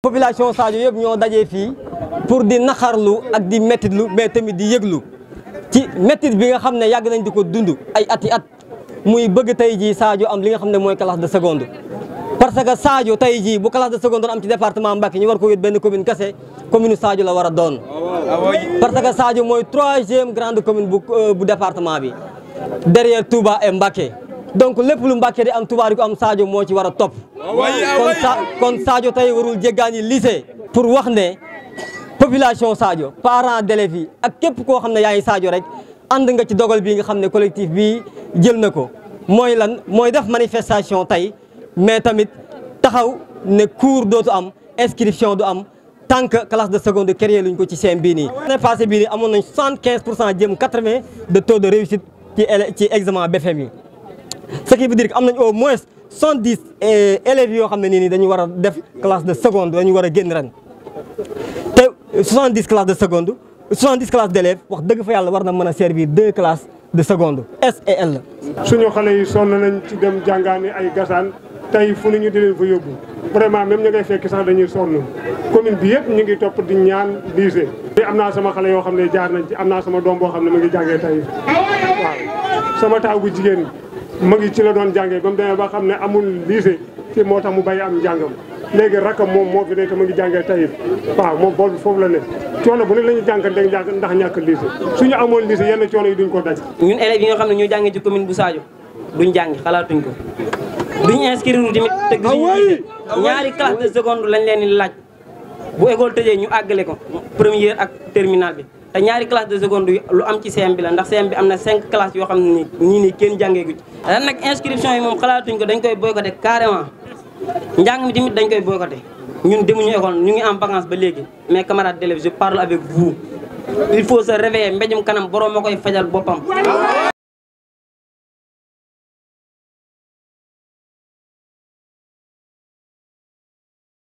population Sadio yëpp ñoo dajee fii pour di naxarlu ak di mettitlu mais tamit di yëglu ci mettit bi nga xam ne yàgg nañ di ko dund ay at yi at muy bëgg tey jii Sadio am li nga xam ne mooy classe de seconde. parce que Sadio tey jii bu classe de seconde doon am ci département Mbacké ñu war ko yóbbu benn commune kese commune Sadio la war a doon. parce que Sadio mooy troisième grande commune bu euh, bu département bi derrière Touba et Mbacké. donc lépp lu Mbàkke di am Touba ko am Sadio moo ci war a topp ah kon kon Sadio tey warul jéggaani lycée pour wax ne population Sadio parents d'élèves yi ak képp koo xam ne yaa ngi rek ànd nga ci dogal bii nga xam ne collective bi jël na ko mooy lan mooy def manifestation tey mais tamit taxaw ne cours dootu am inscription du am tant que classe de seconde créé luñ ko ci CM bii bii amoon nañ soixante quinze pour cent jëm quatre vingt de taux de réussite ci ci examen BFEM yi. qui veut dire que am eh, yoo xam ne nii dañu war a def classe de seconde dañu war génn ren te soixante dix classes de seconde soixante dix classes wax dëgg fa yàlla war na mën a servir deux classes de seconde S et L. suñu xale yi sonn nañ ci dem jàngaani ay gasaan tey fu ñu di leen fa yóbbu vraiment même ñu fekk sax dañuy sonn commune bi yëpp ñu ngi topp naa sama xale yoo xam ne jaar nañ ci am naa sama doom boo xam ne mu ngi jàngee tey waaw sama taaw bu jigéen mag yi ci la doon jàngee ba mu demee ba xam ne amul lycée fii moo tax mu bàyyi am njàngam léegi rakkam moom moo fi nekk mu ngi jàngee tayif waaw moom boobu foofu la ne coono bu ne la ñu jànkante ndax ñàkk lycée suñu amoon lycée yenn coono yi duñ ko daj ñun élèves yi nga xam ne ñoo jàngee ci commune bu Sadio duñ jàngi xalaatuñ ko duñ inscrire tamit te gisuñu ñaari classe de seconde lañ leen di laaj bu école tëjee ñu àggale ko première ak terminal bi te ñaari classe de seconde lu am ci CM bi la ndax CM bi am na cinq classes yoo xam ne nii nii kenn jàngeegu ci. ren nag inscription yi moom xalaatuñ ko dañ koy boycotté carrément njàng mi tamit dañ koy boycotté ñun demuñu école ñu ngi am vacance ba léegi mes camarades d'élèves je parle avec vous il faut se réveiller mbéjum kanam borom ma koy fajal boppam.